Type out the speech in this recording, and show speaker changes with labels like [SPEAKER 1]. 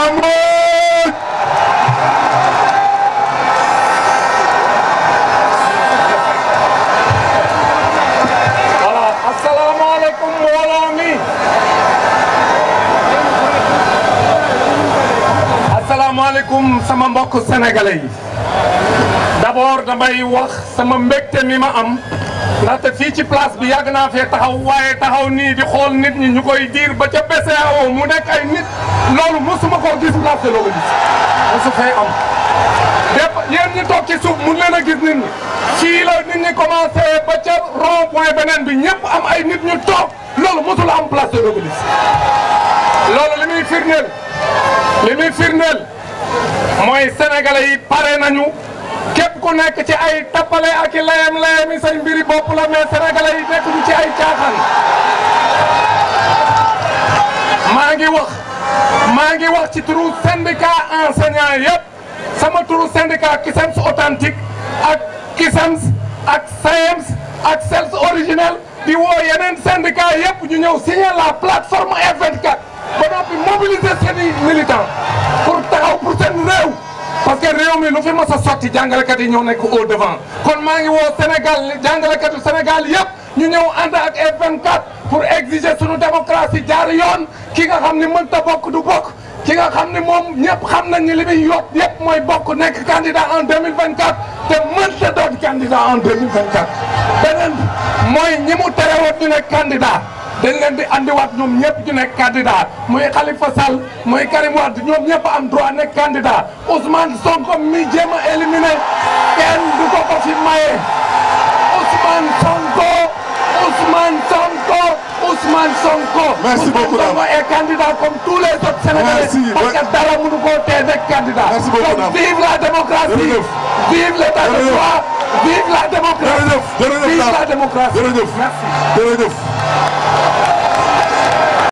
[SPEAKER 1] محمود السلام عليكم ورامي السلام عليكم sama mbokk sénégalais yi d'abord damay wax sama mbégte mi ma am ndaxte fii ci place bi yàgg naa fee taxaw waaye taxaw nii di xool nit ñi ñu koy diir ba ca BCEAO mu nekk ay nit loolu mosuma koo gis place de suuf mun leen a gis nit la nit ñi commencé ca beneen bi ñëpp am ay nit ñu toog loolu mosul am place de l'Obélisque loolu li muy firndeel li mooy sénégalais yi pare nañu. ku nekk ci ay tappale ak layam layami say mbiri bopp la mais sénégalais yi nekk ñu ci ay caaxaan maa ngi wax maa ngi wax ci turu syndicat enseignant ah, sama turu syndicat kisams authentique ak kisams ak sayems ak sels original di woo yeneen syndicat yépp ñu ñëw signer la plateforme F24 ba noppi mobiliser seeni militants pour taxaw pour parce que réew mi lu fi mos a sotti jàngalekat yi ñoo nekk au devant kon maa ngi woo Sénégal jàngalekatu Sénégal yëpp ñu ñëw ànd ak F24 pour exiger suñu démocratie jaar yoon ki nga xam ni mënta bokk du bokk ki nga xam ni moom ñëpp xam nañ ni li muy yóot mooy bokk nekk candidat en 2024 te mënta doon candidat en 2024 beneen mooy ñi mu terewoon ñu nekk candidat dañ leen di andiwaat ñoom ñëpp ñu nekk candidat muy Khalifa Sall muy Karim Wade ñoom ñëpp am droit nekk candidat Ousmane Sonko mi jéem a éliminé kenn du ko ko fi maye Ousmane Sonko Ousmane Sonko Ousmane Sonko. merci beaucoup Ousmane Sonko est candidat comme tous les autres Sénégalais. parce que dara mënu koo tee nekk candidat. merci beaucoup donc vive la démocratie. vive l'état de droit. vive la démocratie. vive la démocratie. jërëjëf jërëjëf